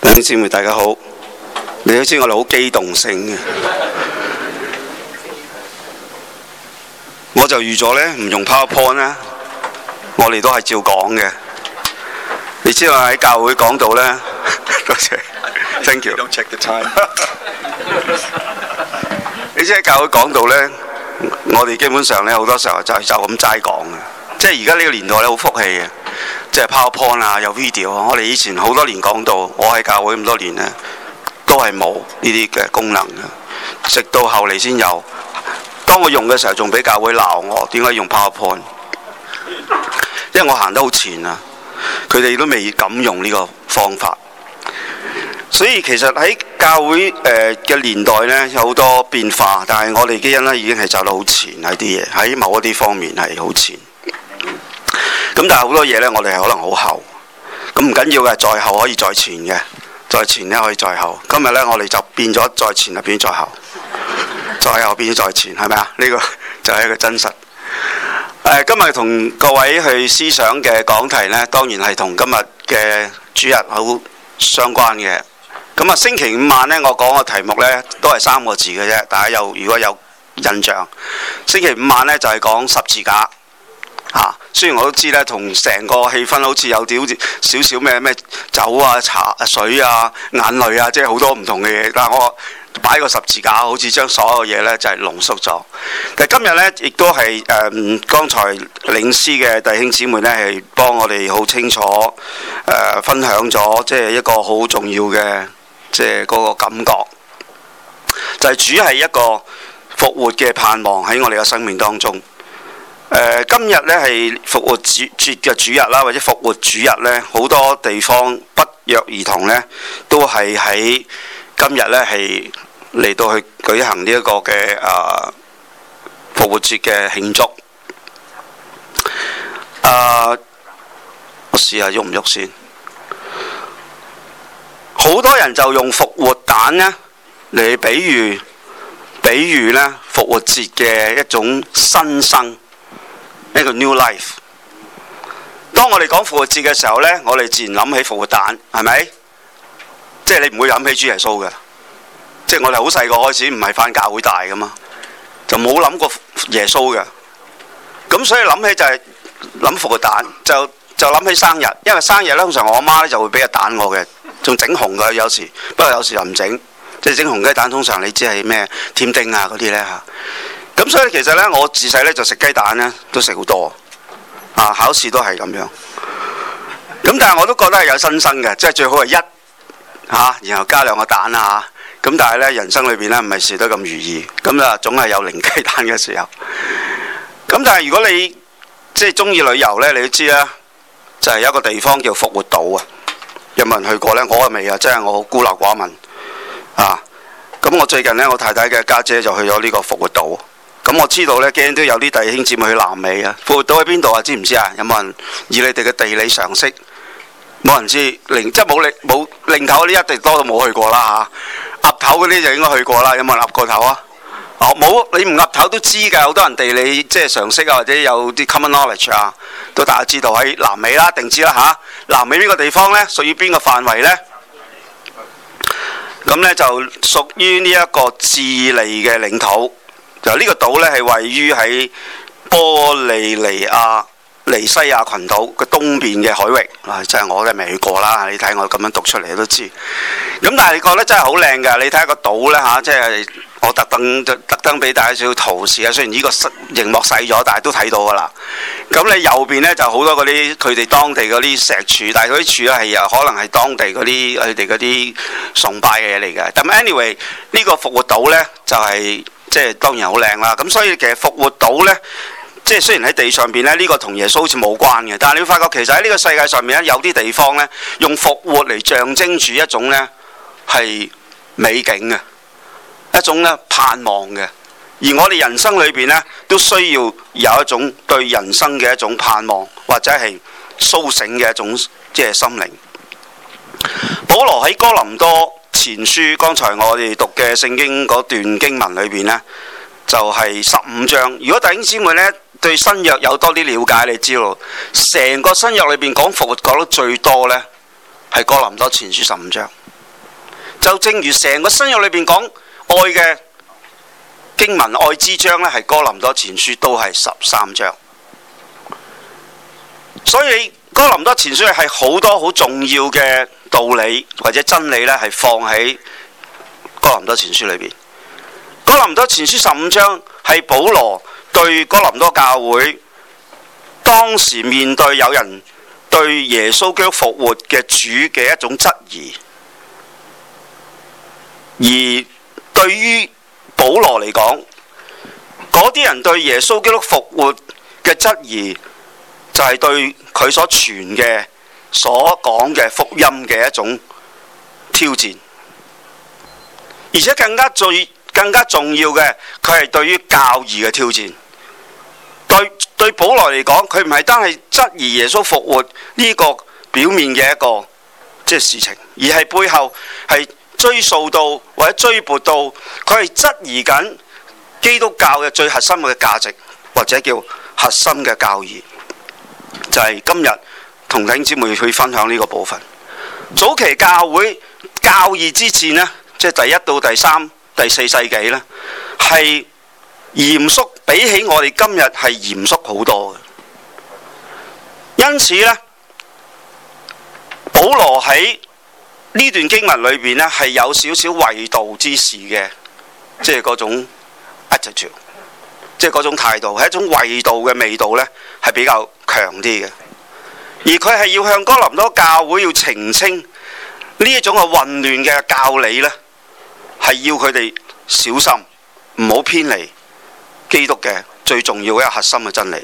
弟兄姊妹大家好，你都知我哋好機動性嘅，我就預咗咧唔用 PowerPoint 咧，我哋都係照講嘅。你知我喺教會講道咧，多謝。Thank you。Don't check the time。你知喺教會講道咧，我哋基本上咧好多時候就就咁齋講嘅，即係而家呢個年代咧好福氣嘅。即係 PowerPoint 啊，有 video 啊，我哋以前好多年講到，我喺教會咁多年咧，都係冇呢啲嘅功能嘅，直到後嚟先有。當我用嘅時候，仲俾教會鬧我，點解用 PowerPoint？因為我行得好前啊，佢哋都未敢用呢個方法。所以其實喺教會嘅年代呢，有好多變化，但係我哋基恩呢，已經係走得好前喺啲嘢，喺某一啲方面係好前。咁但係好多嘢呢，我哋係可能好後，咁唔緊要嘅，在後可以在前嘅，在前呢，可以在後。今日呢，我哋就變咗在前入邊在後，在後變咗在前，係咪啊？呢個就係一個真實。呃、今日同各位去思想嘅講題呢，當然係同今日嘅主日好相關嘅。咁、嗯、啊，星期五晚呢，我講嘅題目呢，都係三個字嘅啫。大家有如果有印象，星期五晚呢，就係講十字架。啊！雖然我都知咧，同成個氣氛好似有啲少少咩咩酒啊、茶水啊、眼淚啊，即係好多唔同嘅嘢。但係我擺個十字架，好似將所有嘢咧就係、是、濃縮咗。但係今日咧，亦都係誒、呃、剛才領詩嘅弟兄姊妹咧，係幫我哋好清楚誒、呃、分享咗，即、就、係、是、一個好重要嘅，即係嗰個感覺，就係、是、主係一個復活嘅盼望喺我哋嘅生命當中。呃、今日呢係復活節嘅主日啦，或者復活主日呢，好多地方不約而同呢，都係喺今日呢，係嚟到去舉行呢一個嘅啊復活節嘅慶祝。啊，我試下喐唔喐先。好多人就用復活蛋呢，嚟比喻，比喻呢，復活節嘅一種新生。一個 new life。當我哋講復活節嘅時候呢，我哋自然諗起復活蛋，係咪？即係你唔會諗起主耶穌嘅，即係我哋好細個開始，唔係翻教會大噶嘛，就冇諗過耶穌嘅。咁所以諗起就係諗復活蛋，就就諗起生日，因為生日呢，通常我媽呢就會俾個蛋我嘅，仲整紅嘅有時，不過有時又唔整，即係整紅雞蛋通常你知係咩添丁啊嗰啲呢？咁所以其實咧，我自細咧就食雞蛋咧，都食好多啊！考試都係咁樣。咁但係我都覺得係有新生嘅，即係最好係一嚇，啊，然後加兩個蛋啊嚇。咁但係咧，人生裏邊咧唔係事得咁如意，咁啊總係有零雞蛋嘅時候。咁但係如果你即係中意旅遊咧，你都知啦，就係、是，有一個地方叫復活島啊！有冇人去過咧？我係未啊，即係我孤陋寡聞啊！咁我最近咧，我太太嘅家姐，姐就去咗呢個復活島。咁、嗯、我知道咧，驚都有啲弟兄姊妹去南美啊。復活島喺邊度啊？知唔知啊？有冇人以你哋嘅地理常識，冇人知領即係冇領冇領頭嗰啲一定多到冇去過啦、啊、嚇。壓、啊、頭嗰啲就應該去過啦、啊，有冇人壓過頭啊？哦，冇你唔壓頭都知㗎，好多人地理即係常識啊，或者有啲 common knowledge 啊，都大家知道喺南美啦、啊，定知啦、啊、嚇、啊。南美邊個地方咧，屬於邊個範圍咧？咁咧就屬於呢一個智利嘅領土。就、這個、呢個島咧，係位於喺波利尼亞尼西亞群島嘅東邊嘅海域。嗱、啊，即係我咧未去過啦，你睇我咁樣讀出嚟都知道。咁、嗯、但係你覺得真係好靚㗎？你睇下個島咧嚇，即、啊、係我特登就特登俾大家少圖示啊。雖然呢個螢幕細咗，但係都睇到㗎啦。咁、嗯、你、嗯、右邊咧就好、是、多嗰啲佢哋當地嗰啲石柱，但係嗰啲柱咧係有可能係當地嗰啲佢哋嗰啲崇拜嘅嘢嚟嘅。咁 anyway，呢個復活島咧就係、是。即係當然好靚啦，咁所以其實復活島呢，即係雖然喺地上邊呢，呢個同耶穌好似冇關嘅，但係你會發覺其實喺呢個世界上面咧，有啲地方呢，用復活嚟象徵住一種呢係美景嘅，一種咧盼望嘅。而我哋人生裏邊呢，都需要有一種對人生嘅一種盼望，或者係甦醒嘅一種即係心靈。保羅喺哥林多前書，剛才我哋讀。嘅聖經嗰段經文裏邊呢，就係十五章。如果弟兄姊妹呢，對新約有多啲了解，你知道成個新約裏邊講復活講得最多呢，係哥林多前書十五章。就正如成個新約裏邊講愛嘅經文，愛之章呢，係哥林多前書都係十三章。所以哥林多前書係好多好重要嘅道理或者真理呢，係放喺。哥林多前書裏邊，哥林多前書十五章係保羅對哥林多教會當時面對有人對耶穌基督復活嘅主嘅一種質疑，而對於保羅嚟講，嗰啲人對耶穌基督復活嘅質疑，就係對佢所傳嘅、所講嘅福音嘅一種挑戰。而且更加最更加重要嘅，佢係對於教義嘅挑戰。對對來說，保羅嚟講，佢唔係單係質疑耶穌復活呢個表面嘅一個即係、就是、事情，而係背後係追溯到或者追撥到，佢係質疑緊基督教嘅最核心嘅價值或者叫核心嘅教義，就係、是、今日同弟兄姊妹去分享呢個部分。早期教會教義之前呢。即係第一到第三、第四世紀呢係嚴肅比起我哋今日係嚴肅好多嘅。因此呢保羅喺呢段經文裏邊呢係有少少衛道之士嘅，即係嗰種 attitude，即係嗰種態度係一種衛道嘅味道呢係比較強啲嘅。而佢係要向哥林多教會要澄清呢一種嘅混亂嘅教理咧。係要佢哋小心，唔好偏離基督嘅最重要嘅核心嘅真理。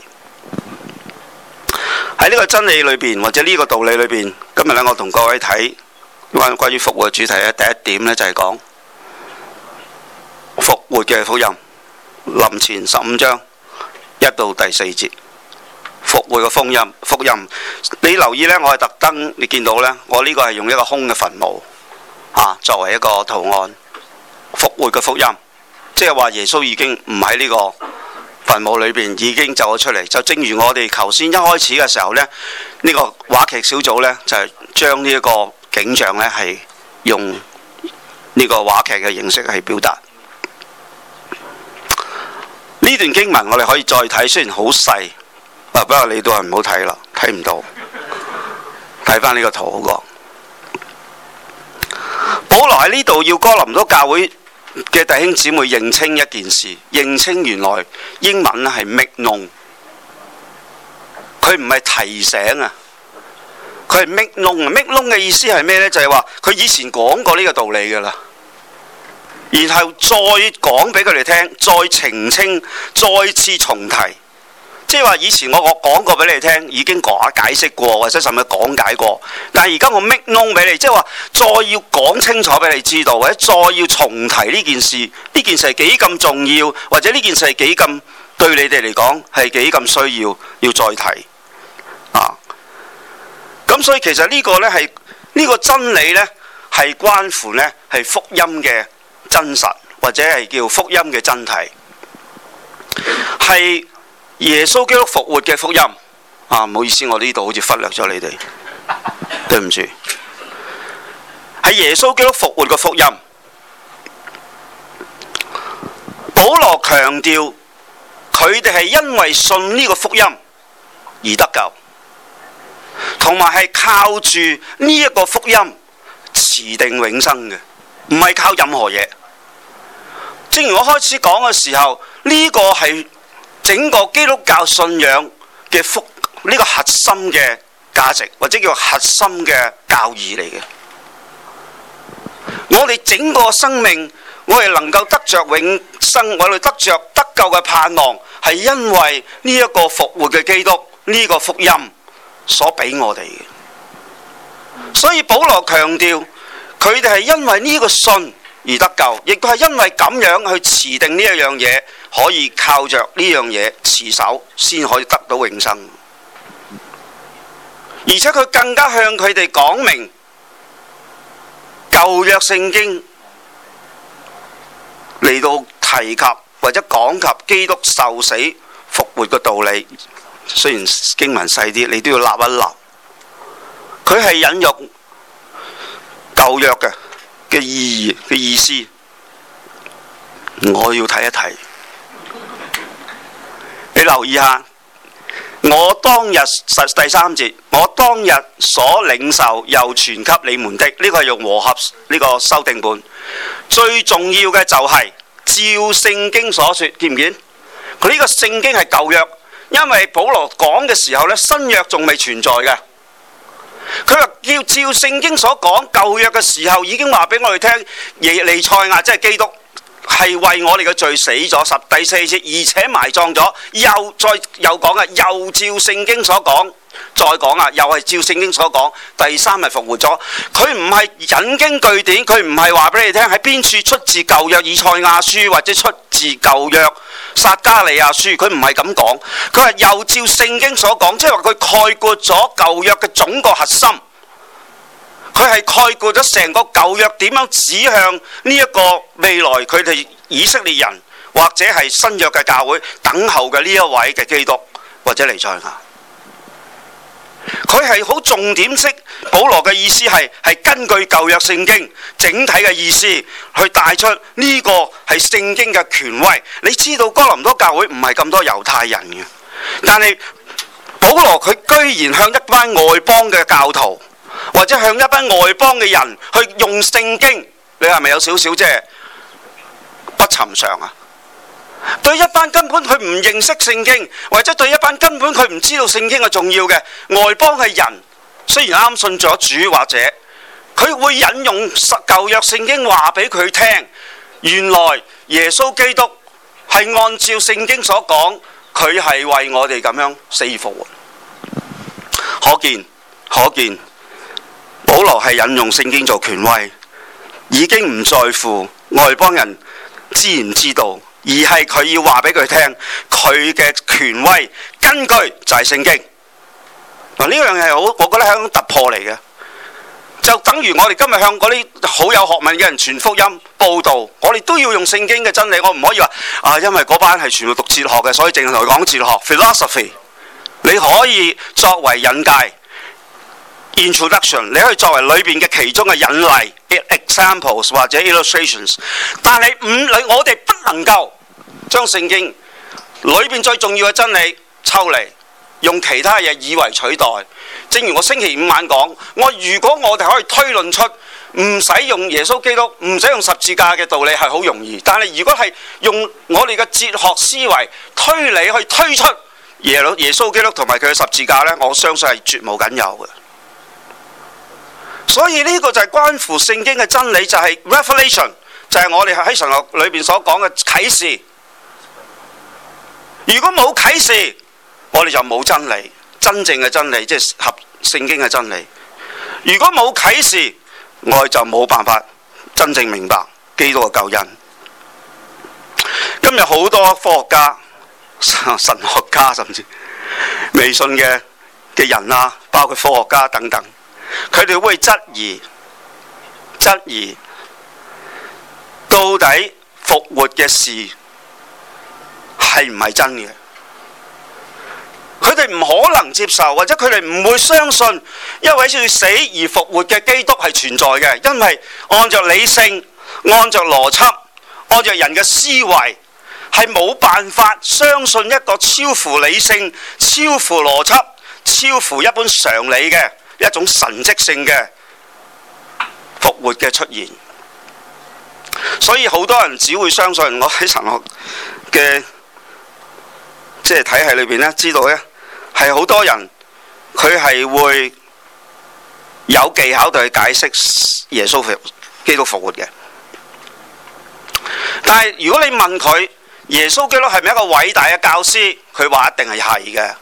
喺呢個真理裏邊，或者呢個道理裏邊，今日呢，我同各位睇關關於復活主題呢，第一點呢，就係講復活嘅福音，林前十五章一到第四節，復活嘅福音，福音，你留意呢，我係特登，你見到呢，我呢個係用一個空嘅墳墓啊，作為一個圖案。復活嘅福音，即係話耶穌已經唔喺呢個墳墓裏邊，已經走咗出嚟。就正如我哋頭先一開始嘅時候呢，呢、這個話劇小組呢，就係將呢一個景象呢係用呢個話劇嘅形式去表達。呢段經文我哋可以再睇，雖然好細，啊，不過你都係唔好睇啦，睇唔到。睇翻呢個圖好過，保羅喺呢度要哥林多教會。嘅弟兄姊妹認清一件事，認清原來英文咧係咪窿，佢唔係提醒啊，佢係咪窿？咪窿嘅意思係咩呢？就係話佢以前講過呢個道理噶啦，然後再講俾佢哋聽，再澄清，再次重提，即係話以前我我講過俾你聽，已經講解釋過或者甚至講解過，但係而家我 make known 俾你，即係話再要講清楚俾你知道，或者再要重提呢件事，呢件事係幾咁重要，或者呢件事係幾咁對你哋嚟講係幾咁需要要再提啊？咁所以其實呢個呢係呢個真理呢係關乎呢係福音嘅真實或者係叫福音嘅真諦係。耶穌基督復活嘅福音啊，唔好意思，我呢度好似忽略咗你哋，對唔住。係耶穌基督復活嘅福音，保羅強調佢哋係因為信呢個福音而得救，同埋係靠住呢一個福音持定永生嘅，唔係靠任何嘢。正如我開始講嘅時候，呢、這個係。整個基督教信仰嘅福呢、呢個核心嘅價值，或者叫核心嘅教義嚟嘅。我哋整個生命，我哋能夠得着永生，我哋得着得救嘅盼望，係因為呢一個復活嘅基督呢、呢個福音所俾我哋嘅。所以保羅強調，佢哋係因為呢個信而得救，亦都係因為咁樣去持定呢一樣嘢。可以靠着呢樣嘢持守，先可以得到永生。而且佢更加向佢哋講明舊約聖經嚟到提及或者講及基督受死復活嘅道理，雖然經文細啲，你都要立一立。佢係引用舊約嘅嘅意義嘅意思，我要睇一睇。你留意下，我當日實第三節，我當日所領受又傳給你們的，呢個係用和合呢個修訂本。最重要嘅就係照聖經所說，見唔見？佢呢個聖經係舊約，因為保羅講嘅時候咧，新約仲未存在嘅。佢話叫照聖經所講舊約嘅時候，已經話俾我哋聽耶利賽亞即係基督。係為我哋嘅罪死咗十第四次，而且埋葬咗，又再又講啊，又照聖經所講，再講啊，又係照聖經所講，第三日復活咗。佢唔係引經據典，佢唔係話俾你哋聽喺邊處出自舊約以賽亞書或者出自舊約撒加利亞書，佢唔係咁講，佢係又照聖經所講，即係話佢概括咗舊約嘅總個核心。佢係概括咗成個舊約點樣指向呢一個未來，佢哋以色列人或者係新約嘅教會等候嘅呢一位嘅基督或者彌賽亞，佢係好重點式。保羅嘅意思係係根據舊約聖經整體嘅意思去帶出呢個係聖經嘅權威。你知道哥林多教會唔係咁多猶太人嘅，但係保羅佢居然向一班外邦嘅教徒。或者向一班外邦嘅人去用聖經，你係咪有少少啫？不尋常啊？對一班根本佢唔認識聖經，或者對一班根本佢唔知道聖經嘅重要嘅外邦嘅人，雖然啱信咗主，或者佢會引用舊約聖經話俾佢聽，原來耶穌基督係按照聖經所講，佢係為我哋咁樣死而復活，可見可見。保羅係引用聖經做權威，已經唔在乎外邦人知唔知道，而係佢要話俾佢聽，佢嘅權威根據就係聖經。嗱，呢樣嘢好，我覺得係一種突破嚟嘅，就等於我哋今日向嗰啲好有學問嘅人傳福音、布道，我哋都要用聖經嘅真理，我唔可以話啊，因為嗰班係全部讀哲學嘅，所以淨係同佢講哲學 （philosophy），你可以作為引介。Introduction 你可以作為裏邊嘅其中嘅引例，examples 或者 illustrations。但係五里我哋不能夠將聖經裏邊最重要嘅真理抽離，用其他嘢以為取代。正如我星期五晚講，我如果我哋可以推論出唔使用,用耶穌基督、唔使用,用十字架嘅道理係好容易，但係如果係用我哋嘅哲學思維推理去推出耶魯耶穌基督同埋佢嘅十字架呢，我相信係絕無僅有嘅。所以呢個就係關乎聖經嘅真理，就係 revelation，就係我哋喺神學裏邊所講嘅啟示。如果冇啟示，我哋就冇真理，真正嘅真理，即係合聖經嘅真理。如果冇啟示，我哋就冇辦法真正明白基督嘅救恩。今日好多科學家、神學家，甚至迷信嘅嘅人啊，包括科學家等等。佢哋會質疑質疑到底復活嘅事係唔係真嘅？佢哋唔可能接受，或者佢哋唔會相信一位死而復活嘅基督係存在嘅，因為按照理性、按照邏輯、按照人嘅思維係冇辦法相信一個超乎理性、超乎邏輯、超乎一般常理嘅。一種神蹟性嘅復活嘅出現，所以好多人只會相信我喺神學嘅即係體系裏面知道呢，係好多人佢係會有技巧對佢解釋耶穌基督復活嘅。但係如果你問佢，耶穌基督係咪一個偉大嘅教師？佢話一定係係嘅。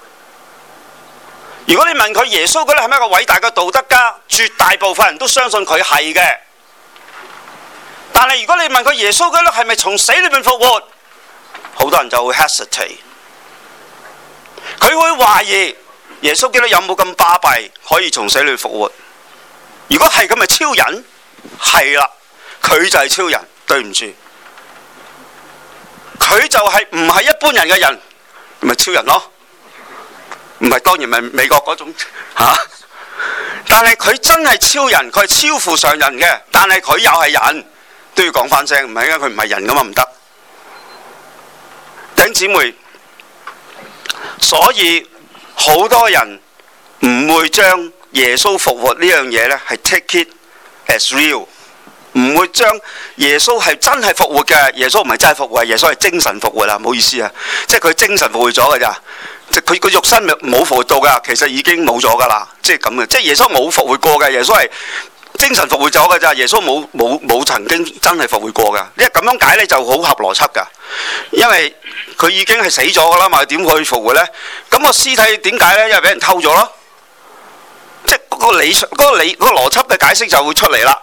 如果你問佢，耶穌基督係咪一個偉大嘅道德家，絕大部分人都相信佢係嘅。但係如果你問佢，耶穌基督係咪從死裏面復活？好多人就會 hesitate。佢會懷疑耶穌基督有冇咁巴閉，可以從死裏面復活。如果係咁，咪超人係啦，佢就係超人。對唔住，佢就係唔係一般人嘅人，咪、就是、超人咯。唔係，當然唔係美國嗰種吓、啊。但係佢真係超人，佢係超乎上人嘅。但係佢又係人，都要講翻聲，唔係因為，佢唔係人咁啊，唔得。頂姊妹，所以好多人唔會將耶穌復活呢樣嘢呢係 take it as real，唔會將耶穌係真係復活嘅。耶穌唔係真係復活，耶穌係精神復活啦。唔好意思啊，即係佢精神復活咗噶咋。即佢個肉身冇復活到噶，其實已經冇咗噶啦，即係咁嘅。即係耶穌冇復活過嘅，耶穌係精神復活咗噶咋。耶穌冇冇冇曾經真係復活過噶。因為咁樣解咧就好合邏輯噶，因為佢已經係死咗噶啦嘛，點去復活咧？咁個屍體點解咧？因為俾人偷咗咯。即係嗰個理、嗰個理、嗰個邏輯嘅解釋就會出嚟啦。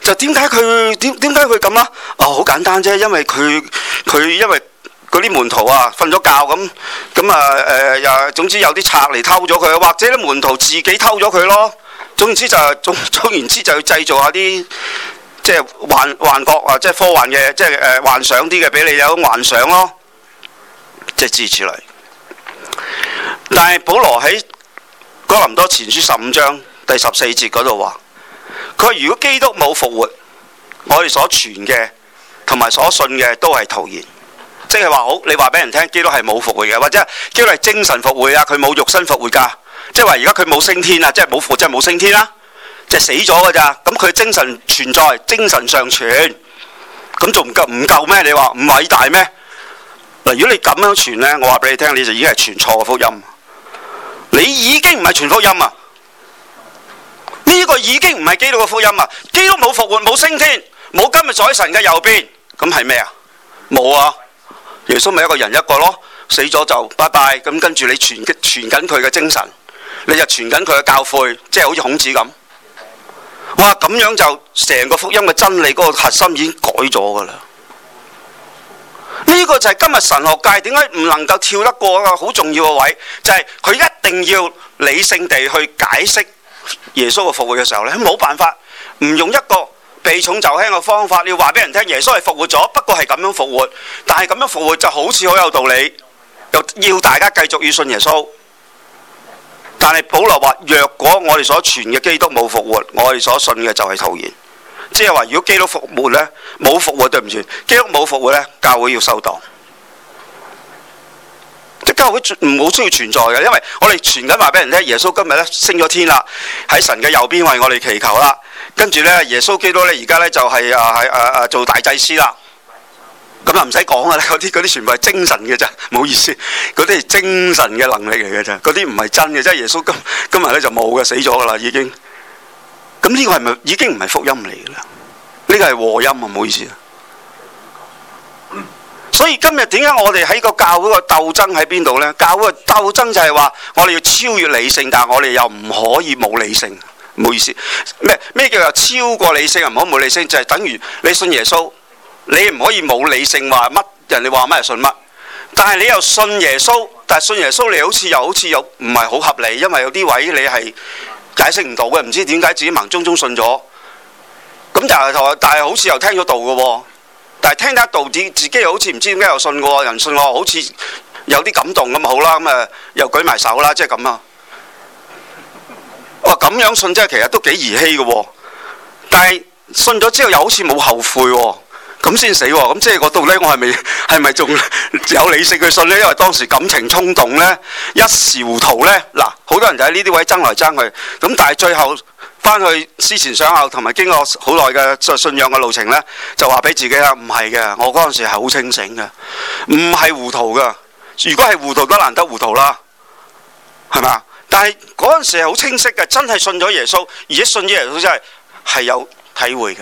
就點解佢點點解佢咁啊？哦，好簡單啫，因為佢佢因為。佢啲門徒啊，瞓咗覺咁，咁啊，誒，又、呃、總之有啲賊嚟，偷咗佢，或者啲門徒自己偷咗佢咯。總之就總總之就要製造下啲即係幻幻覺啊，即係科幻嘅，即係誒幻想啲嘅，俾你有幻想咯，即係支持嚟。但係保羅喺哥林多前書十五章第十四節嗰度話，佢話如果基督冇復活，我哋所傳嘅同埋所信嘅都係徒然。即係話好，你話俾人聽，基督係冇復活嘅，或者基督係精神復活啊，佢冇肉身復活噶，就是。即係話而家佢冇升天啊，即係冇復即係冇升天啦，即係死咗噶咋。咁佢精神存在，精神尚存，咁仲唔夠唔夠咩？你話唔偉大咩？嗱，如果你咁樣傳咧，我話俾你聽，你就已經係傳錯嘅福音。你已經唔係傳福音啊？呢、這個已經唔係基督嘅福音啊！基督冇復活，冇升天，冇今日坐喺神嘅右邊，咁係咩啊？冇啊！耶穌咪一個人一個咯，死咗就拜拜，咁跟住你傳傳緊佢嘅精神，你就傳緊佢嘅教誨，即係好似孔子咁。哇，咁樣就成個福音嘅真理嗰個核心已經改咗噶啦。呢個就係今日神學界點解唔能夠跳得過一個好重要嘅位，就係佢一定要理性地去解釋耶穌嘅復活嘅時候咧，冇辦法唔用一個。避重就輕嘅方法，你要話俾人聽，耶穌係復活咗，不過係咁樣復活，但係咁樣復活就好似好有道理，又要大家繼續要信耶穌。但係保羅話：若果我哋所傳嘅基督冇復活，我哋所信嘅就係徒然。即係話，如果基督復活呢，冇復活對唔住，基督冇復活呢，教會要收檔。教會唔好需要存在嘅，因為我哋傳緊話俾人聽，耶穌今日咧升咗天啦，喺神嘅右邊為我哋祈求啦。跟住咧，耶穌基督咧而家咧就係、是、啊係啊啊做大祭司啦。咁又唔使講啦，嗰啲嗰啲全部係精神嘅啫，唔好意思，嗰啲係精神嘅能力嚟嘅啫，嗰啲唔係真嘅，即係耶穌今今日咧就冇嘅，死咗噶啦已經死了了。咁呢個係咪已經唔係福音嚟嘅啦？呢、這個係禍音啊，唔好意思。所以今日點解我哋喺個教會個鬥爭喺邊度呢？教會個鬥爭就係話我哋要超越理性，但係我哋又唔可以冇理性。唔好意思，咩咩叫做超過理性啊？唔好冇理性，就係等於你信耶穌，你唔可以冇理性，話乜人哋話乜就信乜。但係你又信耶穌，但係信耶穌你好似又好似又唔係好合理，因為有啲位你係解釋唔到嘅，唔知點解自己盲中中信咗。咁但係但係好似又聽咗道嘅。但係聽到道子自己又好似唔知點解又信過人，信我好似有啲感動咁，好啦，咁誒又舉埋手啦，即係咁啊！我咁樣信即係其實都幾兒戲嘅，但係信咗之後又好似冇後悔，咁先死喎！咁即係我到呢，我係咪係咪仲有理性去信呢？因為當時感情衝動呢，一時糊塗呢，嗱，好多人就喺呢啲位爭來爭去，咁但係最後，翻去思前想後，同埋經過好耐嘅信仰嘅路程呢，就話俾自己啦，唔係嘅，我嗰陣時係好清醒嘅，唔係糊塗噶。如果係糊塗都難得糊塗啦，係咪啊？但係嗰陣時係好清晰嘅，真係信咗耶穌，而且信咗耶穌真係係有體會嘅。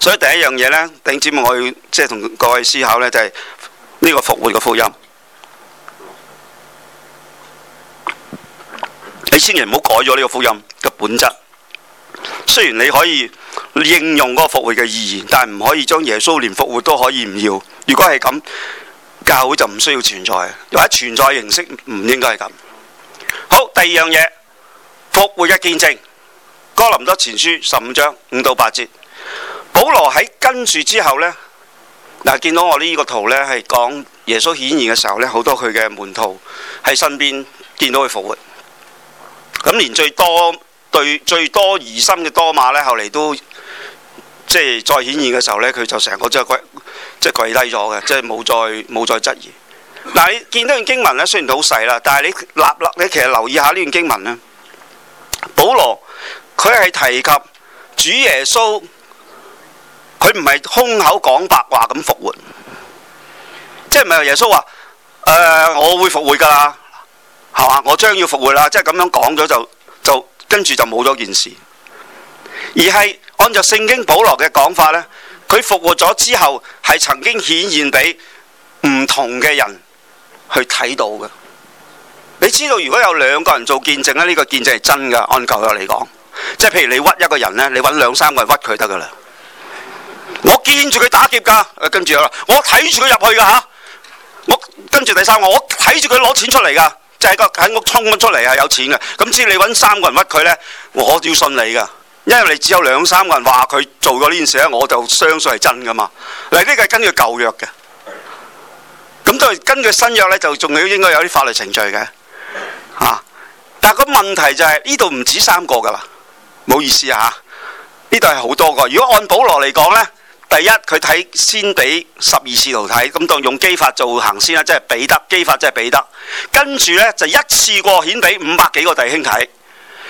所以第一樣嘢呢，弟兄姊妹我要即係同各位思考呢，就係、是、呢個復活嘅福音。你千祈唔好改咗呢個福音嘅本質。雖然你可以應用嗰個復活嘅意義，但係唔可以將耶穌連復活都可以唔要。如果係咁，教會就唔需要存在，或者存在形式唔應該係咁。好，第二樣嘢，復活嘅見證。哥林多前書十五章五到八節，保羅喺跟住之後呢，嗱見，見到我呢個圖呢，係講耶穌顯現嘅時候呢，好多佢嘅門徒喺身邊見到佢復活。咁連最多對最多疑心嘅多馬呢，後嚟都即係再顯現嘅時候呢，佢就成個即係跪，即係跪低咗嘅，即係冇再冇再質疑。但嗱，你見到段經文呢，雖然好細啦，但係你立立咧，你其實留意一下呢段經文呢，保羅佢係提及主耶穌，佢唔係空口講白話咁復活，即係唔係由耶穌話：誒、呃，我會復活㗎啦。係嘛？我將要復活啦！即係咁樣講咗就就跟住就冇咗件事。而係按照聖經保羅嘅講法咧，佢復活咗之後係曾經顯現俾唔同嘅人去睇到嘅。你知道如果有兩個人做見證咧，呢個見證係真噶。按舊約嚟講，即係譬如你屈一個人咧，你搵兩三個人屈佢得噶啦。我見住佢打劫噶，跟住啦，我睇住佢入去噶吓，我跟住第三個，我睇住佢攞錢出嚟噶。就係個喺屋衝咗出嚟，係有錢嘅，咁只要你搵三個人屈佢呢，我都要信你噶，因為你只有兩三個人話佢做過呢件事呢，我就相信係真噶嘛。嗱，呢個係根據舊約嘅，咁再根據新約呢，就仲要應該有啲法律程序嘅，啊，但係個問題就係呢度唔止三個噶啦，冇意思啊，呢度係好多個。如果按保羅嚟講呢。第一佢睇先俾十二使徒睇，咁當用磯法做行先啦，即係彼得磯法，即係彼得，跟住咧就一次過顯俾五百幾個弟兄睇，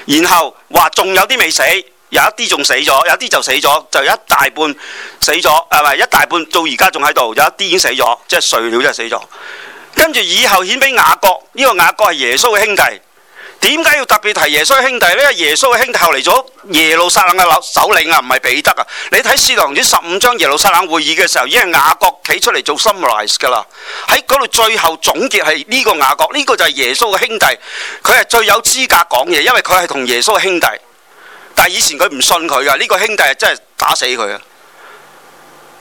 然後話仲有啲未死，有一啲仲死咗，有啲就死咗，就一大半死咗，係咪一大半到而家仲喺度，有一啲已經死咗，即係睡了，即係死咗，跟住以後顯俾雅各，呢、這個雅各係耶穌嘅兄弟。點解要特別提耶穌兄弟呢？因為耶穌嘅兄弟後嚟做咗耶路撒冷嘅首領啊，唔係彼得啊。你睇《使徒行傳》十五章耶路撒冷會議嘅時候，已經係亞各企出嚟做 summarize 噶啦。喺嗰度最後總結係呢個亞各呢個就係耶穌嘅兄弟，佢係最有資格講嘢，因為佢係同耶穌嘅兄弟。但係以前佢唔信佢噶呢個兄弟，係真係打死佢啊！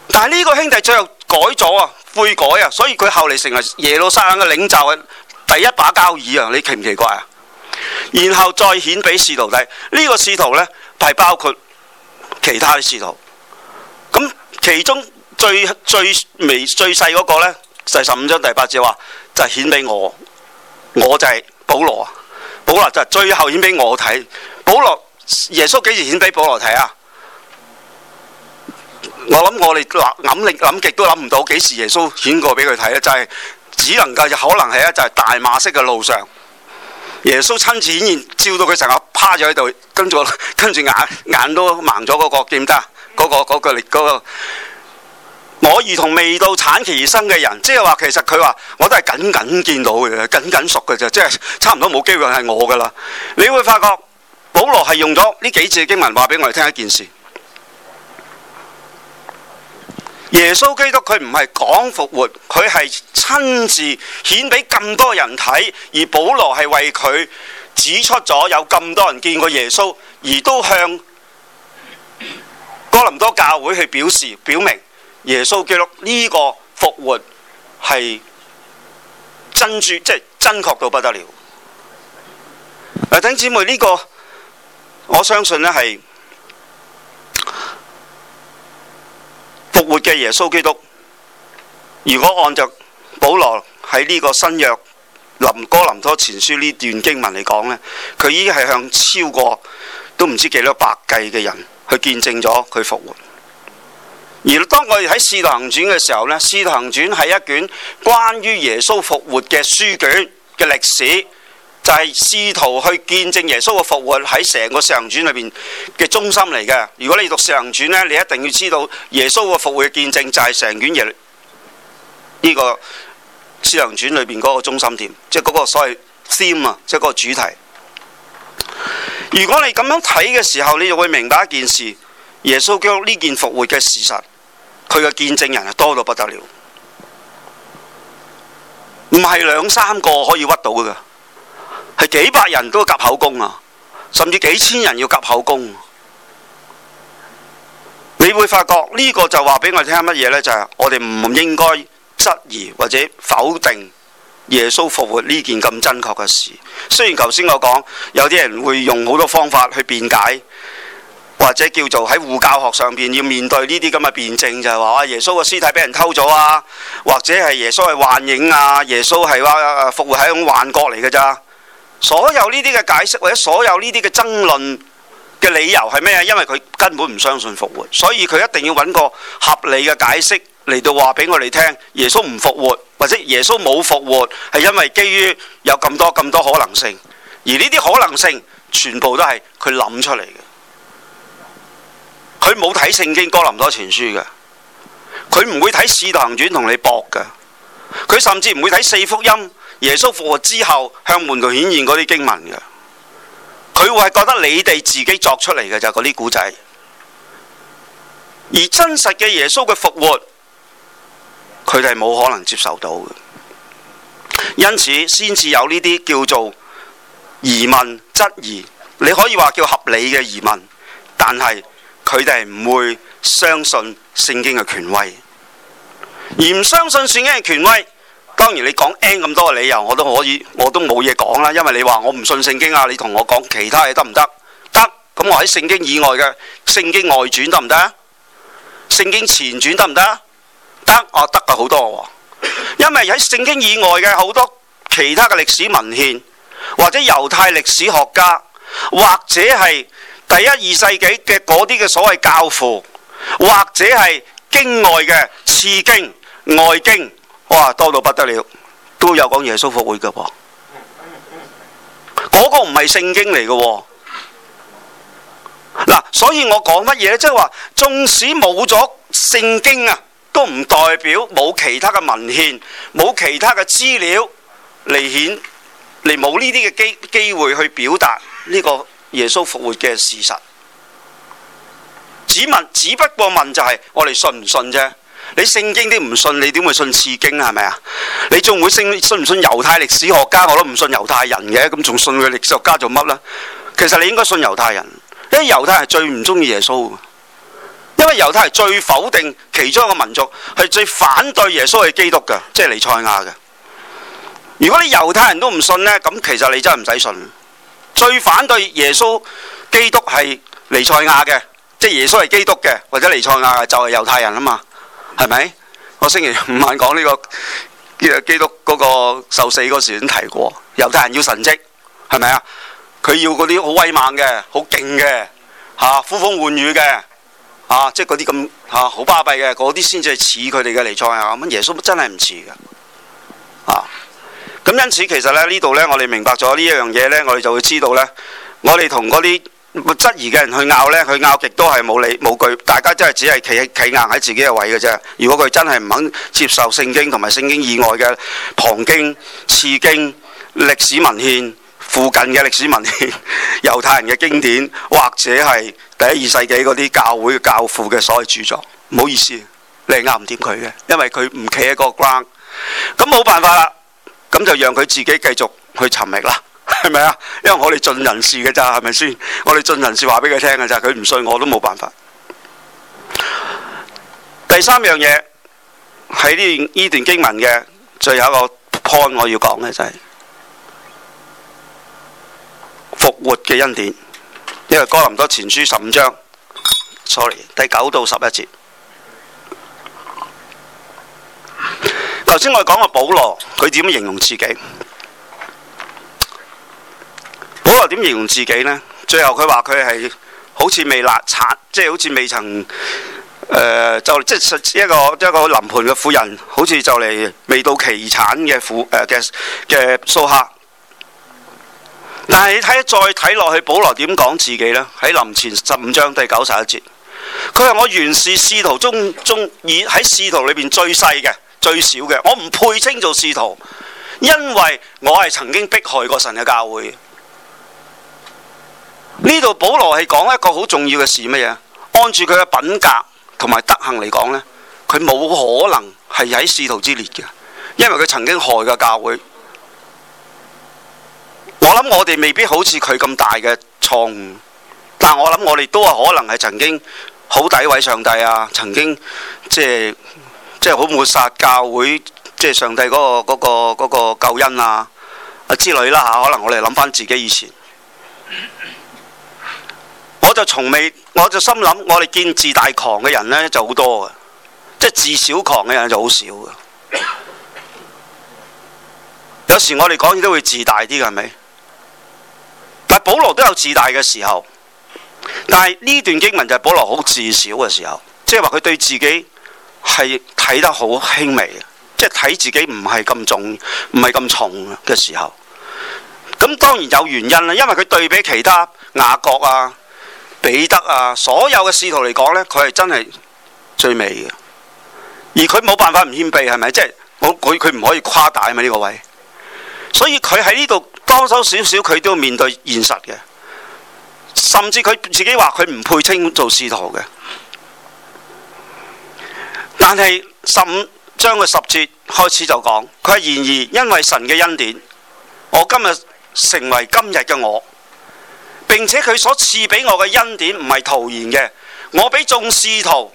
但係呢個兄弟最後改咗啊，悔改啊，所以佢後嚟成為耶路撒冷嘅領袖，啊。第一把交椅啊！你奇唔奇怪啊？然後再顯俾使徒睇，呢、這個使徒呢，係包括其他嘅使徒。咁其中最最微最細個呢就個咧，第十五章第八節話就顯、是、俾我，我就係保羅。保羅就係最後顯俾我睇。保羅耶穌幾時顯俾保羅睇啊？我諗我哋諗諗極都諗唔到，幾時耶穌顯過俾佢睇就係、是、只能夠可能係一就係、是、大馬色嘅路上。耶穌親自顯現，照到佢成日趴咗喺度，跟住跟住眼眼都盲咗嗰個，見唔得嗰、那個嗰嗰、那個那個那個那個，我如同未到產期而生嘅人，即係話其實佢話我都係僅僅見到嘅，僅僅熟嘅啫，即、就、係、是、差唔多冇機會係我噶啦。你會發覺保羅係用咗呢幾次嘅經文話俾我哋聽一件事。耶穌基督佢唔係講復活，佢係親自顯俾咁多人睇，而保羅係為佢指出咗有咁多人見過耶穌，而都向哥林多教會去表示、表明耶穌基督呢個復活係真注，即、就、係、是、真確到不得了。誒，弟兄姊妹，呢、這個我相信呢係。復活嘅耶穌基督，如果按照保羅喺呢個新約林哥林多前書呢段經文嚟講呢，佢已經係向超過都唔知幾多百計嘅人去見證咗佢復活。而當我哋喺《使徒行傳》嘅時候呢，《使徒行傳》係一卷關於耶穌復活嘅書卷嘅歷史。就係、是、試圖去見證耶穌嘅復活，喺成個使徒行傳裏邊嘅中心嚟嘅。如果你讀使徒行傳呢，你一定要知道耶穌嘅復活嘅見證就係成卷嘢呢個使徒行傳裏邊嗰個中心點，即係嗰個所謂 theme 啊，即係嗰個主題。如果你咁樣睇嘅時候，你就會明白一件事：耶穌講呢件復活嘅事實，佢嘅見證人係多到不得了，唔係兩三個可以屈到嘅。係幾百人都夾口供啊，甚至幾千人要夾口供。你會發覺呢個就話俾我聽乜嘢呢？就係我哋唔應該質疑或者否定耶穌復活呢件咁真確嘅事。雖然頭先我講有啲人會用好多方法去辯解，或者叫做喺護教學上邊要面對呢啲咁嘅辯證，就係話啊，耶穌嘅屍體俾人偷咗啊，或者係耶穌係幻影啊，耶穌係話復活係一種幻覺嚟嘅咋。所有呢啲嘅解釋或者所有呢啲嘅爭論嘅理由係咩？因為佢根本唔相信復活，所以佢一定要揾個合理嘅解釋嚟到話俾我哋聽。耶穌唔復活或者耶穌冇復活，係因為基於有咁多咁多可能性，而呢啲可能性全部都係佢諗出嚟嘅。佢冇睇聖經哥林多前書嘅，佢唔會睇《使徒行傳》同你搏嘅，佢甚至唔會睇《四福音》。耶穌復活之後，向門徒顯現嗰啲經文嘅，佢會係覺得你哋自己作出嚟嘅就係嗰啲古仔，而真實嘅耶穌嘅復活，佢哋冇可能接受到嘅，因此先至有呢啲叫做疑問質疑，你可以話叫合理嘅疑問，但係佢哋唔會相信聖經嘅權威，而唔相信聖經嘅權威。當然，你講 N 咁多嘅理由，我都可以，我都冇嘢講啦。因為你話我唔信聖經啊，你同我講其他嘢得唔得？得，咁我喺聖經以外嘅聖經外傳得唔得？聖經前傳得唔得？得，哦、啊，得嘅好多喎、啊。因為喺聖經以外嘅好多其他嘅歷史文獻，或者猶太歷史學家，或者係第一二世紀嘅嗰啲嘅所謂教父，或者係經外嘅次經、外經。哇，多到不得了，都有講耶穌復活嘅噃，嗰個唔係聖經嚟嘅。哦，嗱，所以我講乜嘢咧？即係話，縱使冇咗聖經啊，都唔代表冇其他嘅文獻，冇其他嘅資料嚟顯，嚟冇呢啲嘅機機會去表達呢個耶穌復活嘅事實。只問，只不過問就係我哋信唔信啫。你聖經都唔信，你點會信次經啊？係咪啊？你仲會信信唔信猶太歷史學家？我都唔信猶太人嘅，咁仲信佢歷史學家做乜呢？其實你應該信猶太人，因為猶太係最唔中意耶穌，因為猶太係最否定其中一個民族，係最反對耶穌係基督嘅，即係尼賽亞嘅。如果你猶太人都唔信呢，咁其實你真係唔使信。最反對耶穌基督係尼賽亞嘅，即係耶穌係基督嘅，或者尼賽亞就係猶太人啊嘛。就是係咪？我星期五晚講呢、這個基督嗰個受死嗰時已經提過，猶太人要神蹟，係咪啊？佢要嗰啲好威猛嘅，好勁嘅，吓呼風喚雨嘅，吓即係嗰啲咁吓好巴閉嘅，嗰啲先至係似佢哋嘅尼賽啊？咁耶穌真係唔似噶啊？咁、啊、因此其實咧呢度咧，我哋明白咗呢一樣嘢咧，我哋就會知道咧，我哋同嗰啲。質疑嘅人去拗呢，佢拗極都係冇理冇據。大家真係只係企企硬喺自己嘅位嘅啫。如果佢真係唔肯接受聖經同埋聖經以外嘅旁經、次經、歷史文獻、附近嘅歷史文獻、猶太人嘅經典，或者係第一二世紀嗰啲教會教父嘅所謂著作，唔好意思，你係拗唔掂佢嘅，因為佢唔企喺嗰個 ground。咁冇辦法啦，咁就讓佢自己繼續去沉迷啦。係咪啊？因為我哋盡人事嘅咋，係咪先？我哋盡人事話俾佢聽嘅咋，佢唔信我都冇辦法。第三樣嘢喺呢呢段經文嘅最後一個 point 我要講嘅就係復活嘅恩典，因為哥林多前書十五章，sorry，第九到十一節。頭先我講過保羅，佢點形容自己？點形容自己呢？最後佢話佢係好似未立產，即係、就是、好似未曾誒、呃、就即係、就是、一個一個臨盆嘅婦人，好似就嚟未到期產嘅婦誒嘅嘅蘇克。但係你睇再睇落去，保羅點講自己呢？喺林前十五章第九十一節，佢話我原是使徒中中以喺使徒裏邊最細嘅、最少嘅，我唔配稱做使徒，因為我係曾經迫害過神嘅教會。呢度保羅係講一個好重要嘅事，乜嘢？按住佢嘅品格同埋德行嚟講呢，佢冇可能係喺仕途之列嘅，因為佢曾經害過教會。我諗我哋未必好似佢咁大嘅錯誤，但我諗我哋都係可能係曾經好詆毀上帝啊，曾經即係即係好抹殺教會，即係上帝嗰個嗰個嗰個救恩啊啊之類啦吓。可能我哋諗翻自己以前。我就從未，我就心諗，我哋見自大狂嘅人呢就好多㗎，即係自小狂嘅人就好少㗎。有時我哋講嘢都會自大啲嘅，係咪？但係保羅都有自大嘅時候，但係呢段經文就係保羅好自小嘅時候，即係話佢對自己係睇得好輕微，即係睇自己唔係咁重，唔係咁重嘅時候。咁當然有原因啦，因為佢對比其他雅各啊。彼得啊，所有嘅使徒嚟講呢，佢係真係最尾嘅，而佢冇辦法唔謙卑，係咪？即係我佢佢唔可以誇大啊嘛呢、這個位，所以佢喺呢度多多少少，佢都要面對現實嘅，甚至佢自己話佢唔配稱做使徒嘅。但係十五章嘅十節開始就講，佢係然而因為神嘅恩典，我今日成為今日嘅我。並且佢所賜俾我嘅恩典唔係徒然嘅，我俾眾使徒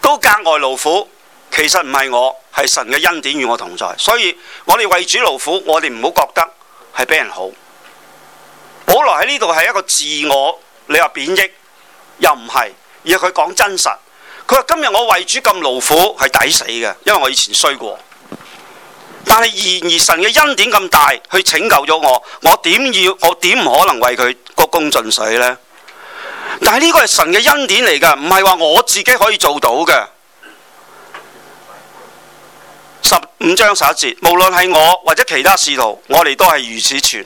都格外勞苦，其實唔係我，係神嘅恩典與我同在。所以我哋為主勞苦，我哋唔好覺得係比人好。保羅喺呢度係一個自我，你話貶抑又唔係，而佢講真實，佢話今日我為主咁勞苦係抵死嘅，因為我以前衰過。但係而而神嘅恩典咁大，去拯救咗我，我點要我點唔可能為佢？鞠躬盡瘁咧，但係呢個係神嘅恩典嚟噶，唔係話我自己可以做到嘅。十五章十一節，無論係我或者其他使徒，我哋都係如此傳，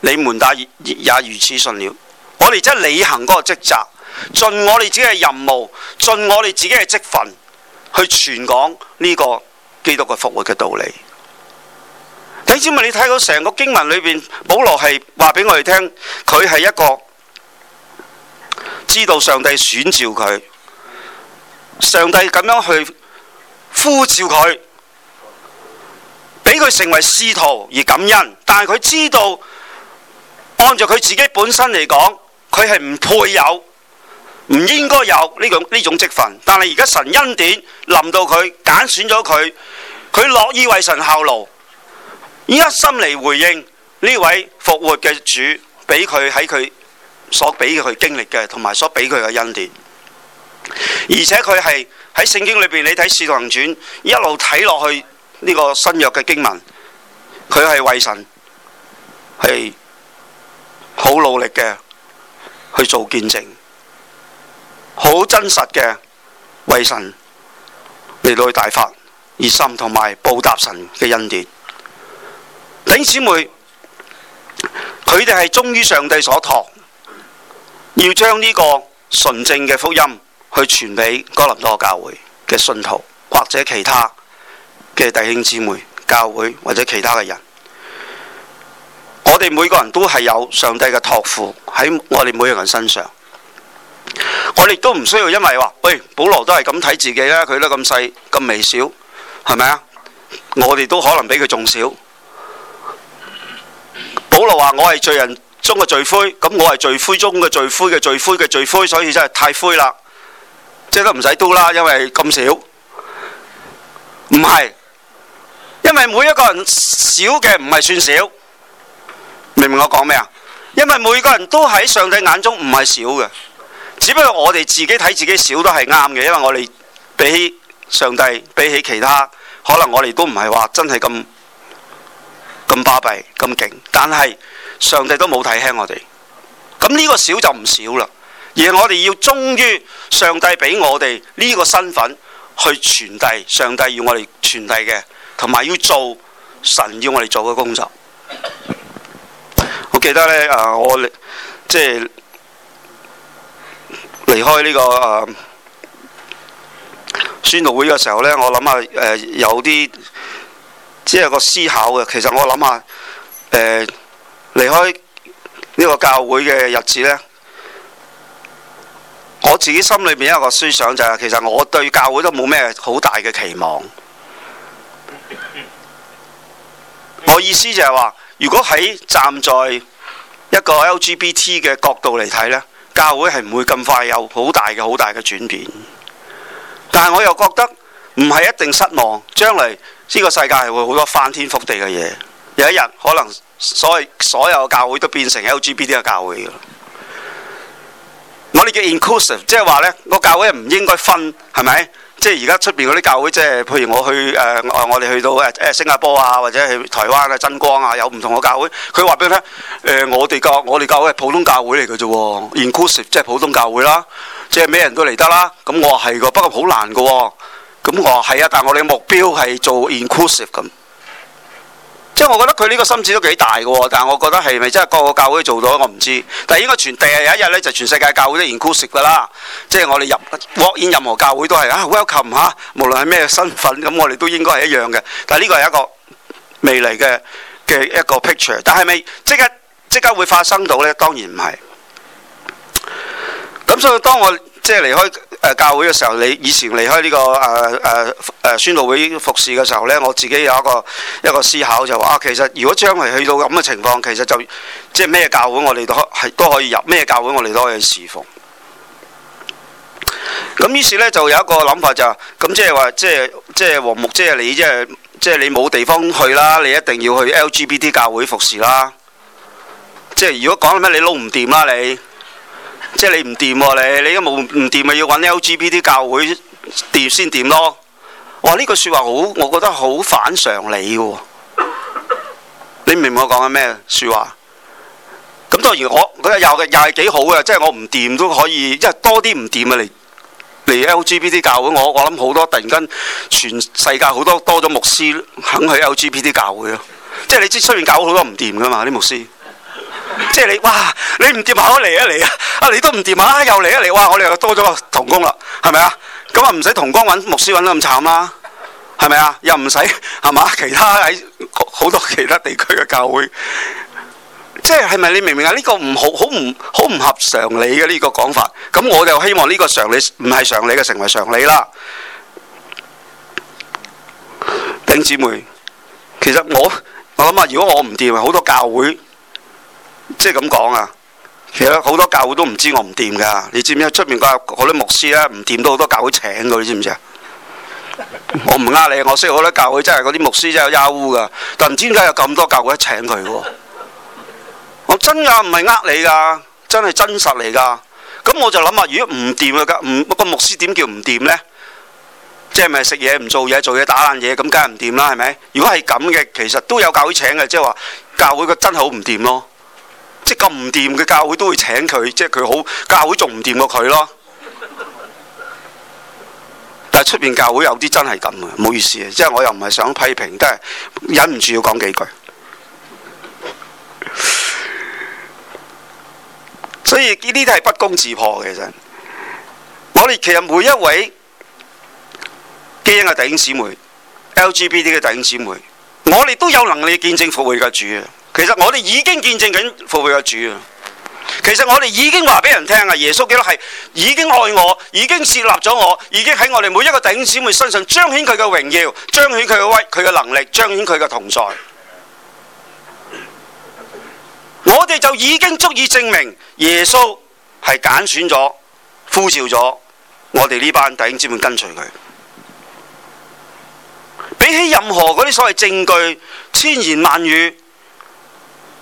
你們也也如此信了。我哋即係履行嗰個職責，盡我哋自己嘅任務，盡我哋自己嘅職份，去傳講呢個基督嘅復活嘅道理。你知唔？你睇到成個經文裏邊，保羅係話俾我哋聽，佢係一個知道上帝選召佢，上帝咁樣去呼召佢，俾佢成為使徒而感恩。但係佢知道，按照佢自己本身嚟講，佢係唔配有，唔應該有呢種呢種職份。但係而家神恩典臨到佢揀選咗佢，佢樂意為神效勞。一心嚟回應呢位復活嘅主給他，俾佢喺佢所俾佢經歷嘅，同埋所俾佢嘅恩典。而且佢係喺聖經裏邊，你睇《使徒行傳》，一路睇落去呢，這個新約嘅經文，佢係為神係好努力嘅去做見證，好真實嘅為神彌耐大發熱心，同埋報答神嘅恩典。領姊妹，佢哋係忠於上帝所託，要將呢個純正嘅福音去傳俾哥林多教會嘅信徒或者其他嘅弟兄姊妹，教會或者其他嘅人。我哋每個人都係有上帝嘅託付喺我哋每個人身上，我哋都唔需要因為話喂，保羅都係咁睇自己啦，佢都咁細咁微小，係咪啊？我哋都可能比佢仲小。」保羅話：我係罪人中嘅罪魁，咁我係罪魁中嘅罪魁嘅罪魁嘅罪魁，所以真係太灰啦！即係都唔使都啦，因為咁少，唔係，因為每一個人少嘅唔係算少，明唔明我講咩啊？因為每一個人都喺上帝眼中唔係少嘅，只不過我哋自己睇自己少都係啱嘅，因為我哋比起上帝，比起其他，可能我哋都唔係話真係咁。咁巴閉，咁勁，但係上帝都冇睇輕我哋。咁呢個少就唔少啦，而我哋要忠於上帝俾我哋呢個身份去傳遞上帝要我哋傳遞嘅，同埋要做神要我哋做嘅工作。我記得呢，啊、呃，我即係離開呢、這個宣道、呃、會嘅時候呢，我諗下誒，有啲。只係個思考嘅，其實我諗下，誒、呃、離開呢個教會嘅日子呢，我自己心裏面有一個思想就係、是，其實我對教會都冇咩好大嘅期望。我意思就係話，如果喺站在一個 LGBT 嘅角度嚟睇呢，教會係唔會咁快有好大嘅好大嘅轉變。但係我又覺得唔係一定失望，將嚟。呢、這個世界係會好多翻天覆地嘅嘢，有一日可能所有所有教會都變成 LGBT 嘅教會嘅。我哋叫 inclusive，即係話呢個教會唔應該分，係咪？即係而家出邊嗰啲教會，即係譬如我去誒、呃、我哋去到誒新加坡啊，或者去台灣啊、真光啊，有唔同嘅教會，佢話俾你聽誒，我哋教我哋教會係普通教會嚟嘅啫，inclusive 即係普通教會啦，即係咩人都嚟得啦。咁我話係個，不過好難個、哦。咁我話係啊，但係我哋目標係做 inclusive 咁，即係我覺得佢呢個心智都幾大嘅喎、哦。但係我覺得係咪真係個個教會都做到，我唔知。但係應該全第有一日呢，就全世界教會都 inclusive 嘅啦。即係我哋入 walk in 任何教會都係啊 welcome 嚇、啊，無論係咩身份，咁我哋都應該係一樣嘅。但係呢個係一個未來嘅嘅一個 picture，但係咪即刻即刻會發生到呢？當然唔係。咁所以當我即係離開誒、呃、教會嘅時候，你以前離開呢、這個誒誒誒宣道會服侍嘅時候呢，我自己有一個一個思考就話啊，其實如果將來去到咁嘅情況，其實就即係咩教會我哋都係都可以入，咩教會我哋都可以侍奉。咁於是呢，就有一個諗法就咁、是，即係話即係即係黃木，即、就、係、是就是、你即係即係你冇地方去啦，你一定要去 LGBT 教會服侍啦。即係如果講咩你撈唔掂啦你。即係你唔掂喎，你你而家冇唔掂咪要揾 LGBT 教會掂先掂咯。哇，呢句説話好，我覺得好反常理嘅、啊、喎。你明唔明我講緊咩説話？咁當然我佢又嘅又係幾好嘅，即係我唔掂都可以，即係多啲唔掂啊嚟嚟 LGBT 教會。我我諗好多突然間全世界好多多咗牧師肯去 LGBT 教會咯、啊。即係你知，雖然搞好多唔掂噶嘛，啲牧師。即係你，哇！你唔掂下我嚟啊嚟啊，啊你都唔掂下又嚟啊嚟，哇！我哋又多咗個同工啦，係咪啊？咁啊，唔使同工揾牧師揾得咁慘啦，係咪啊？又唔使係嘛？其他喺好多其他地區嘅教會，即係咪？是是你明唔明啊，呢個唔好好唔好唔合常理嘅呢個講法，咁我就希望呢個常理唔係常理嘅成為常理啦。弟兄姊妹，其實我我諗下，如果我唔掂，好多教會。即係咁講啊！其實好多教會都唔知我唔掂噶。你知唔知出面嗰個好多牧師咧，唔掂，都好多教會請佢，你知唔知啊？我唔呃你，我識好多教會，真係嗰啲牧師真係優噶。但係唔知點解有咁多教會請佢喎？我真嘅唔係呃你噶，真係真實嚟噶。咁我就諗下，如果唔掂嘅，唔、嗰個牧師點叫唔掂呢？即係咪食嘢唔做嘢，做嘢打爛嘢，咁梗係唔掂啦？係咪？如果係咁嘅，其實都有教會請嘅，即係話教會佢真係好唔掂咯。即咁唔掂嘅教會都會請佢，即係佢好教會仲唔掂過佢咯？但係出邊教會有啲真係咁啊！唔好意思啊，即係我又唔係想批評，都係忍唔住要講幾句。所以呢啲係不攻自破嘅。其實，我哋其實每一位基恩嘅弟兄姊妹，LGBT 嘅弟兄姊妹，我哋都有能力見證復活嘅主。其實我哋已經見證緊復活嘅主啊！其實我哋已經話俾人聽啊！耶穌基督係已經愛我，已經設立咗我，已經喺我哋每一個弟兄姊妹身上彰顯佢嘅榮耀，彰顯佢嘅威，佢嘅能力，彰顯佢嘅同在。我哋就已經足以證明耶穌係揀選咗、呼召咗我哋呢班弟兄姊妹跟隨佢。比起任何嗰啲所謂證據、千言萬語。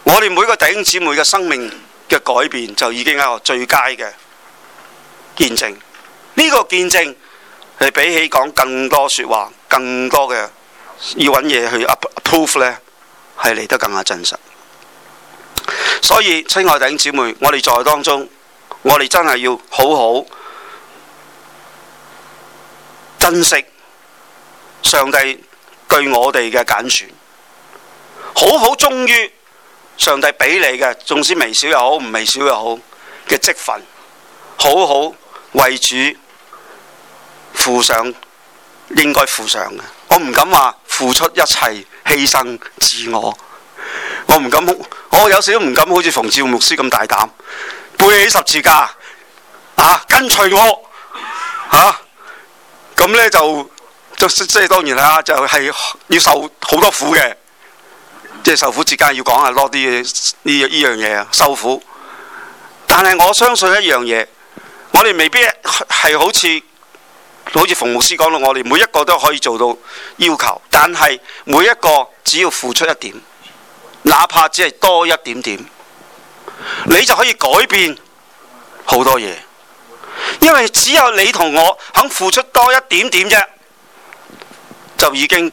我哋每個弟兄姊妹嘅生命嘅改變就已經係一個最佳嘅見證，呢個見證係比起講更多說話、更多嘅要揾嘢，去 approve 咧，係嚟得更加真實。所以，親愛弟兄姊妹，我哋在當中，我哋真係要好好珍惜上帝對我哋嘅揀選，好好忠於。上帝俾你嘅，縱使微小又好，唔微小又好嘅積分，好好為主負上應該負上嘅。我唔敢話付出一切犧牲自我，我唔敢，我有時都唔敢好似馮志牧師咁大膽背起十字架啊，跟隨我啊！咁咧就，就當然啦，就係、是、要受好多苦嘅。即係受苦之間要講啊，多啲呢呢樣嘢啊，受苦。但係我相信一樣嘢，我哋未必係好似好似馮牧師講到我，我哋每一個都可以做到要求，但係每一個只要付出一點，哪怕只係多一點點，你就可以改變好多嘢。因為只有你同我肯付出多一點點啫，就已經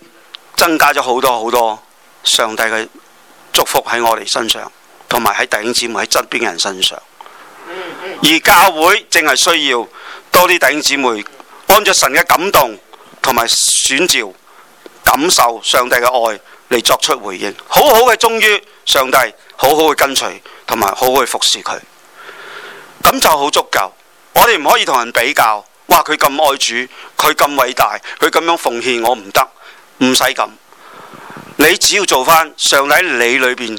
增加咗好多好多。上帝嘅祝福喺我哋身上，同埋喺弟兄姊妹喺側邊嘅人身上。而教會正係需要多啲弟兄姊妹，按照神嘅感動同埋選召，感受上帝嘅愛，嚟作出回應。好好嘅忠於上帝，好好嘅跟隨，同埋好好去服侍佢。咁就好足夠。我哋唔可以同人比較，哇，佢咁愛主，佢咁偉大，佢咁樣奉獻我不，我唔得，唔使咁。你只要做翻上帝你裏邊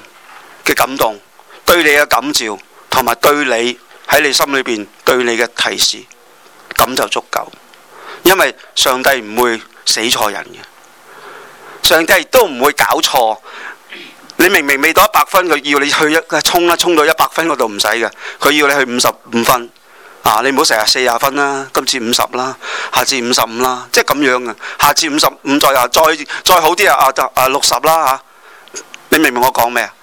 嘅感動，對你嘅感召，同埋對你喺你心裏邊對你嘅提示，咁就足夠。因為上帝唔會死錯人嘅，上帝亦都唔會搞錯。你明明未到一百分，佢要你去一衝啦，衝到一百分嗰度唔使嘅，佢要你去五十五分。啊！你唔好成日四十分啦，今次五十啦，下次五十五啦，即係咁樣嘅。下次五十五再又再再好啲啊啊！就啊六十啦嚇，你明唔明我講咩啊？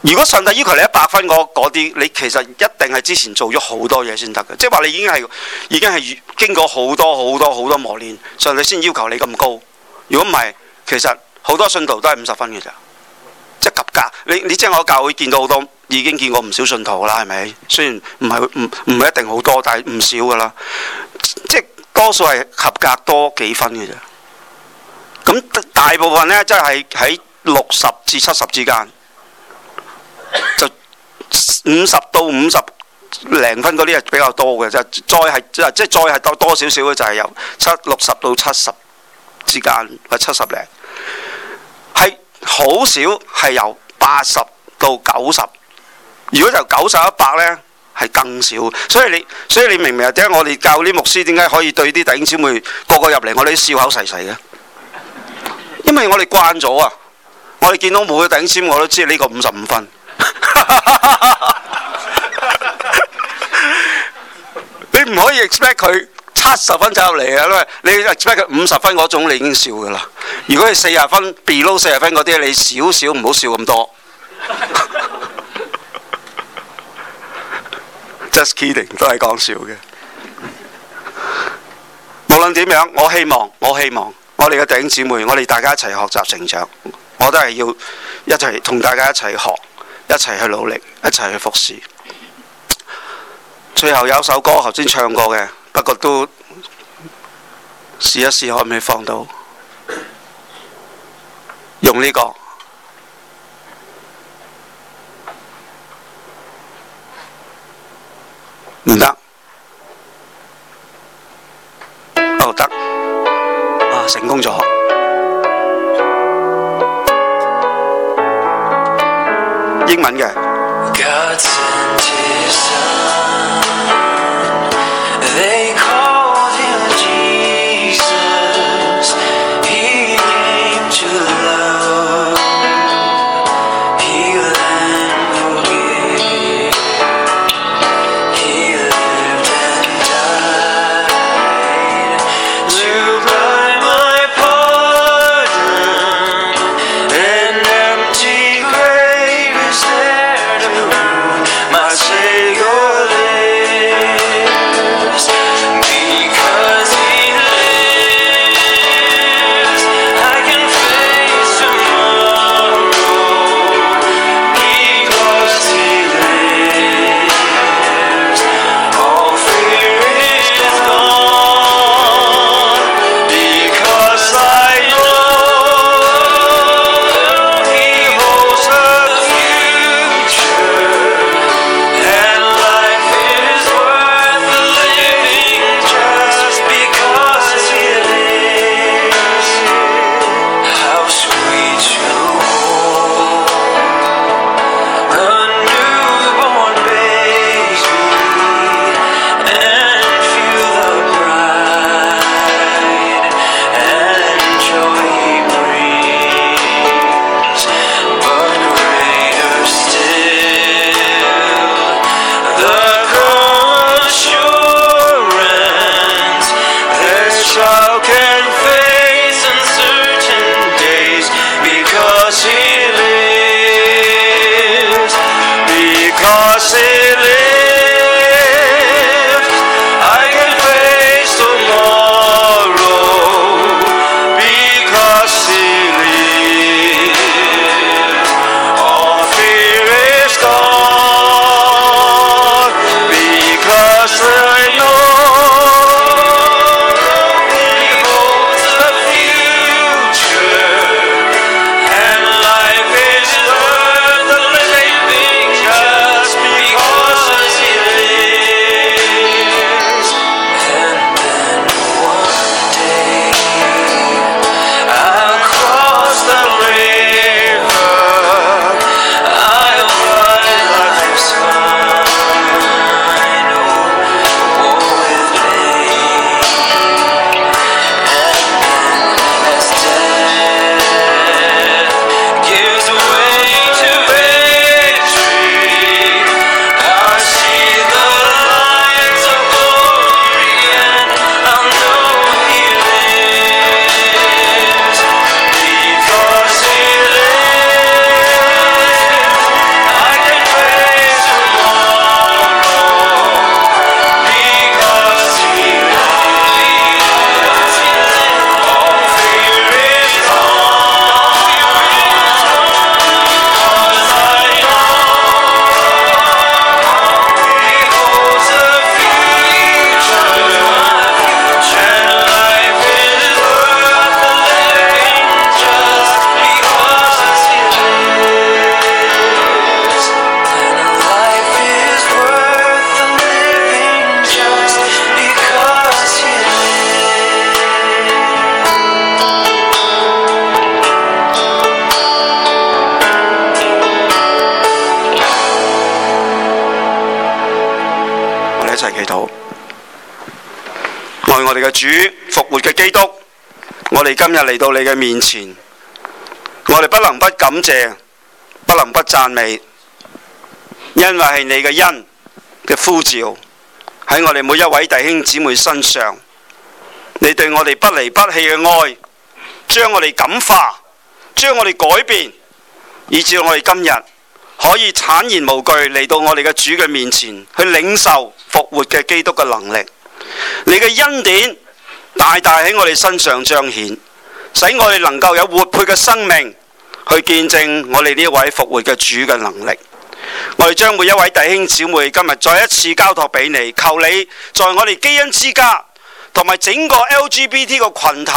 如果上帝要求你一百分嗰啲，你其實一定係之前做咗好多嘢先得嘅。即係話你已經係已經係經過好多好多好多磨練，所以你先要求你咁高。如果唔係，其實好多信徒都係五十分嘅咋，即係及格。你你即係我教會見到好多。已經見過唔少信徒啦，係咪？雖然唔係唔唔係一定好多，但係唔少㗎啦。即係多數係合格多幾分嘅啫。咁大部分呢，即係喺六十至七十之間，就五十到五十零分嗰啲係比較多嘅啫。即係，再係即係再係多多少少嘅就係由七六十到七十之間或七十零係好少係由八十到九十。如果由九十一百呢，係更少的，所以你，所以你明唔明啊，點解我哋教啲牧師點解可以對啲弟兄姊妹個個入嚟，我哋笑口噬噬嘅？因為我哋慣咗啊，我哋見到每個弟兄，我都知呢個五十五分。 你唔可以 expect 佢七十分走入嚟啊！你 expect 佢五十分嗰種，你已經笑噶啦。如果你四十分 below 四十分嗰啲，你少少唔好笑咁多。 Kidding，都係講笑嘅，無論點樣，我希望，我希望，我哋嘅弟兄姊妹，我哋大家一齊學習成長，我都係要一齊同大家一齊學，一齊去努力，一齊去服侍。最後有首歌，頭先唱過嘅，不過都試一試可唔可以放到，用呢個。唔得，唔得，啊，成功咗，英文嘅。齊祈禱，愛我哋嘅主復活嘅基督，我哋今日嚟到你嘅面前，我哋不能不感謝，不能不讚美，因為係你嘅恩嘅呼召喺我哋每一位弟兄姊妹身上，你對我哋不離不棄嘅愛，將我哋感化，將我哋改變，以至我哋今日。可以坦然無懼嚟到我哋嘅主嘅面前，去領受復活嘅基督嘅能力。你嘅恩典大大喺我哋身上彰顯，使我哋能夠有活潑嘅生命，去見證我哋呢位復活嘅主嘅能力。我哋將每一位弟兄姐妹今日再一次交託俾你，求你在我哋基恩之家同埋整個 LGBT 嘅群體，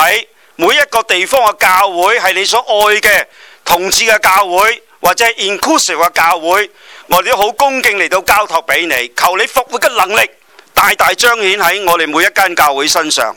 每一個地方嘅教會係你所愛嘅同志嘅教會，或者係 Inclusive 嘅教會，我哋都好恭敬嚟到交託俾你，求你復活嘅能力大大彰顯喺我哋每一間教會身上，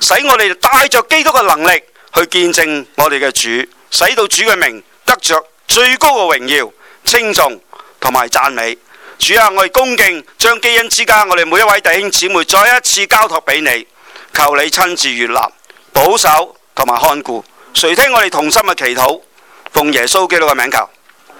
使我哋就帶着基督嘅能力去見證我哋嘅主，使到主嘅名得着最高嘅榮耀、稱頌同埋讚美。主啊，我哋恭敬將基恩之家我哋每一位弟兄姊妹再一次交託俾你，求你親自悅納、保守同埋看顧。垂聽我哋同心嘅祈禱，奉耶穌基督嘅名求。